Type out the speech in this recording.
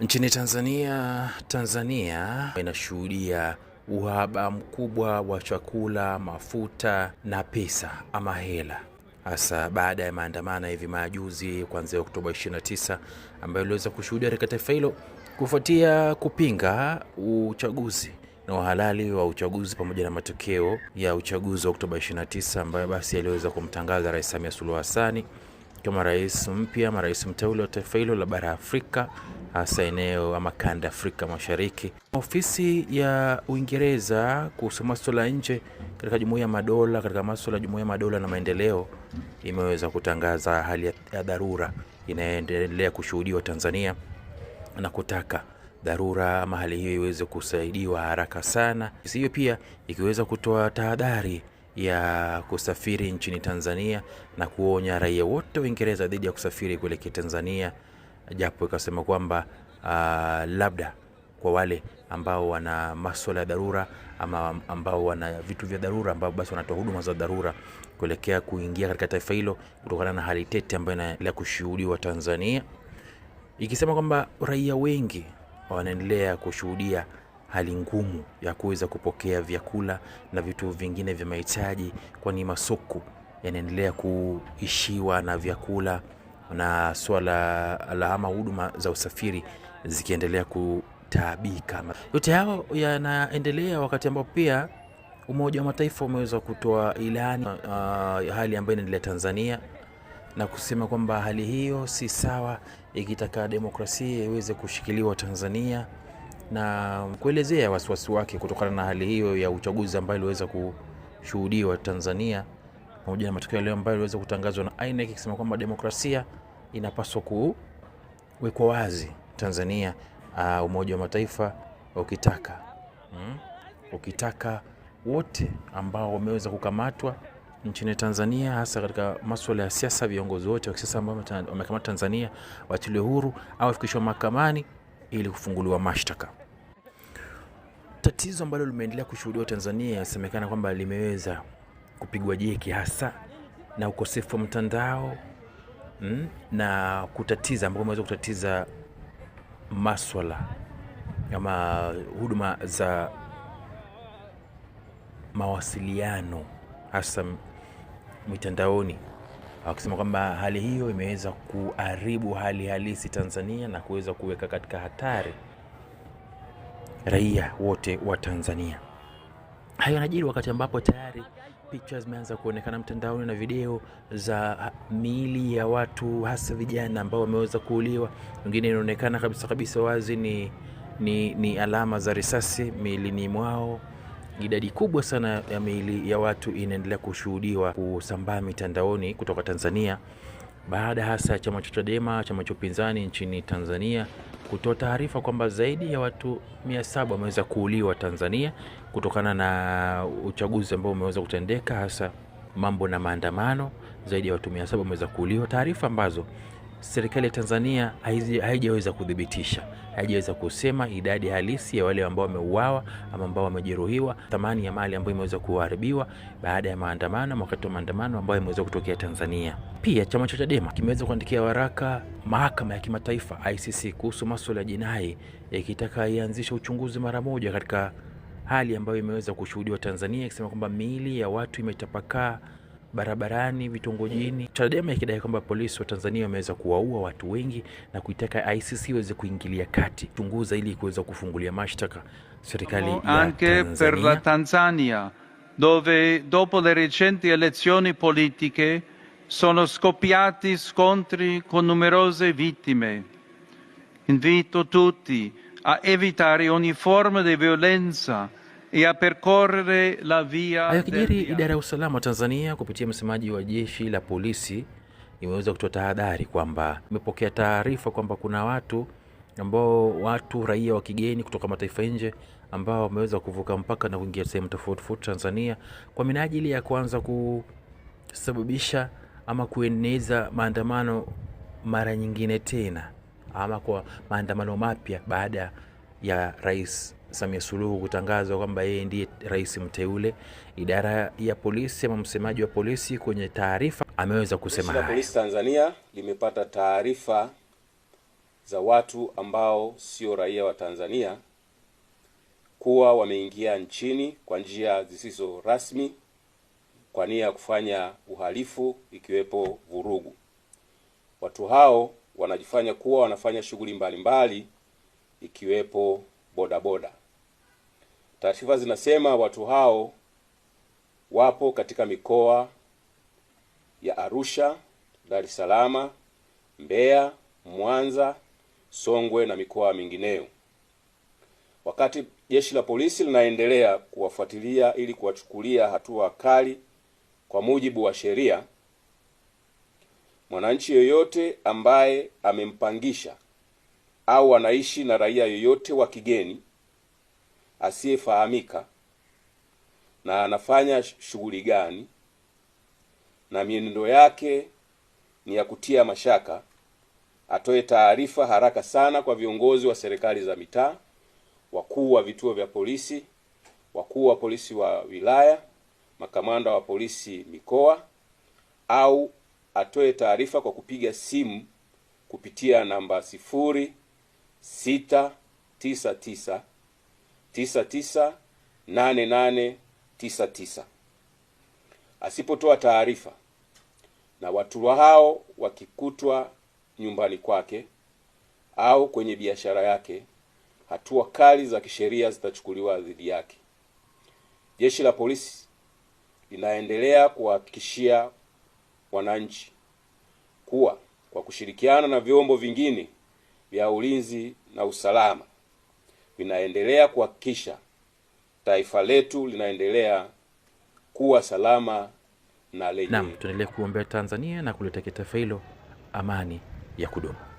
Nchini Tanzania, Tanzania inashuhudia uhaba mkubwa wa chakula, mafuta na pesa ama hela, hasa baada ya maandamano ya hivi majuzi kuanzia Oktoba 29 ambayo iliweza kushuhudia katika taifa hilo kufuatia kupinga uchaguzi na uhalali wa uchaguzi pamoja na matokeo ya uchaguzi wa Oktoba 29 ambayo basi yaliweza kumtangaza Rais Samia Suluhu hasani kama rais mpya ama rais mteule wa taifa hilo la bara ya Afrika, hasa eneo ama kanda Afrika Mashariki. Ofisi ya Uingereza kuhusu maswala ya nje katika Jumuiya ya Madola, katika maswala ya Jumuiya ya Madola na maendeleo, imeweza kutangaza hali ya dharura inayoendelea kushuhudiwa Tanzania na kutaka dharura ama hali hiyo iweze kusaidiwa haraka sana, hiyo pia ikiweza kutoa tahadhari ya kusafiri nchini Tanzania na kuonya raia wote wa Uingereza dhidi ya kusafiri kuelekea Tanzania, japo ikasema kwamba uh, labda kwa wale ambao wana masuala ya dharura ama ambao wana vitu vya dharura ambao basi wanatoa huduma za dharura kuelekea kuingia katika taifa hilo kutokana na hali tete ambayo inaendelea kushuhudiwa Tanzania, ikisema kwamba raia wengi wanaendelea kushuhudia hali ngumu ya kuweza kupokea vyakula na vitu vingine vya mahitaji, kwani masoko yanaendelea kuishiwa na vyakula na swala la ama huduma za usafiri zikiendelea kutaabika. Yote hayo yanaendelea wakati ambapo pia Umoja wa Mataifa umeweza kutoa ilani uh, hali ambayo inaendelea Tanzania na kusema kwamba hali hiyo si sawa, ikitaka demokrasia iweze kushikiliwa Tanzania na kuelezea wasiwasi wake kutokana na hali hiyo ya uchaguzi ambayo iliweza kushuhudiwa Tanzania pamoja na matokeo leo ambayo iliweza kutangazwa na INEC ikisema kwamba demokrasia inapaswa kuwekwa wazi Tanzania. Uh, Umoja wa Mataifa ukitaka mm, ukitaka wote ambao wameweza kukamatwa nchini Tanzania hasa katika masuala ya siasa, viongozi wote wa kisiasa ambao wamekamata Tanzania waachiliwe huru au wafikishwe mahakamani ili kufunguliwa mashtaka. Tatizo ambalo limeendelea kushuhudiwa Tanzania, inasemekana kwamba limeweza kupigwa jeki hasa na ukosefu wa mtandao mm, na kutatiza ambao umeweza kutatiza maswala ama huduma za mawasiliano hasa mitandaoni wakisema ah, kwamba hali hiyo imeweza kuharibu hali halisi Tanzania na kuweza kuweka katika hatari raia wote wa Tanzania. Hayo yanajiri wakati ambapo tayari picha zimeanza kuonekana mtandaoni na video za miili ya watu hasa vijana ambao wameweza kuuliwa. Wengine inaonekana kabisa kabisa wazi ni, ni, ni alama za risasi miilini mwao idadi kubwa sana ya miili ya watu inaendelea kushuhudiwa kusambaa mitandaoni kutoka Tanzania baada hasa ya chama cha Chadema, chama cha upinzani nchini Tanzania kutoa taarifa kwamba zaidi ya watu saba wameweza kuuliwa Tanzania kutokana na uchaguzi ambao umeweza kutendeka, hasa mambo na maandamano. Zaidi ya watu saba wameweza kuuliwa, taarifa ambazo serikali ya Tanzania haijaweza kudhibitisha, haijaweza kusema idadi halisi ya wale ambao wameuawa ama ambao wamejeruhiwa, thamani ya mali ambayo imeweza kuharibiwa baada ya maandamano, wakati wa maandamano ambayo imeweza kutokea Tanzania. Pia chama cha Chadema kimeweza kuandikia waraka mahakama ya kimataifa ICC kuhusu masuala ya jinai, ikitaka ianzishe uchunguzi mara moja katika hali ambayo imeweza kushuhudiwa Tanzania, ikisema kwamba miili ya watu imetapakaa barabarani, vitongojini. Chadema ikidai kwamba polisi wa Tanzania wameweza kuwaua watu wengi na kuitaka ICC iweze kuingilia kati chunguza ili kuweza kufungulia mashtaka serikali ya anche per la Tanzania dove dopo le recenti elezioni politiche sono scoppiati scontri con numerose vittime. Invito tutti a evitare ogni forma di violenza Hayakijiri idara ya usalama Tanzania kupitia msemaji wa jeshi la polisi imeweza kutoa tahadhari kwamba imepokea taarifa kwamba kuna watu ambao watu raia wa kigeni kutoka mataifa nje ambao wameweza kuvuka mpaka na kuingia sehemu tofauti tofauti Tanzania kwa minajili ya kuanza kusababisha ama kueneza maandamano mara nyingine tena ama kwa maandamano mapya baada ya rais Samia Suluhu kutangazwa kwamba yeye ndiye rais mteule. Idara ya polisi ama msemaji wa polisi kwenye taarifa ameweza kusema haya. Polisi Tanzania limepata taarifa za watu ambao sio raia wa Tanzania kuwa wameingia nchini kwa njia zisizo rasmi kwa nia ya kufanya uhalifu ikiwepo vurugu. Watu hao wanajifanya kuwa wanafanya shughuli mbalimbali ikiwepo bodaboda. Taarifa zinasema watu hao wapo katika mikoa ya Arusha, Dar es Salaam, Mbeya, Mwanza, Songwe na mikoa mingineyo. Wakati jeshi la polisi linaendelea kuwafuatilia ili kuwachukulia hatua kali kwa mujibu wa sheria, mwananchi yoyote ambaye amempangisha au anaishi na raia yoyote wa kigeni asiyefahamika na anafanya shughuli gani na mienendo yake ni ya kutia mashaka, atoe taarifa haraka sana kwa viongozi wa serikali za mitaa, wakuu wa vituo vya polisi, wakuu wa polisi wa wilaya, makamanda wa polisi mikoa, au atoe taarifa kwa kupiga simu kupitia namba sifuri sita tisa tisa 9899 asipotoa taarifa na watu hao wakikutwa nyumbani kwake au kwenye biashara yake, hatua kali za kisheria zitachukuliwa dhidi yake. Jeshi la polisi linaendelea kuwahakikishia wananchi kuwa kwa kushirikiana na vyombo vingine vya ulinzi na usalama vinaendelea kuhakikisha taifa letu linaendelea kuwa salama na lenye. Naam, tuendelee kuombea Tanzania na kulitekea taifa hilo amani ya kudumu.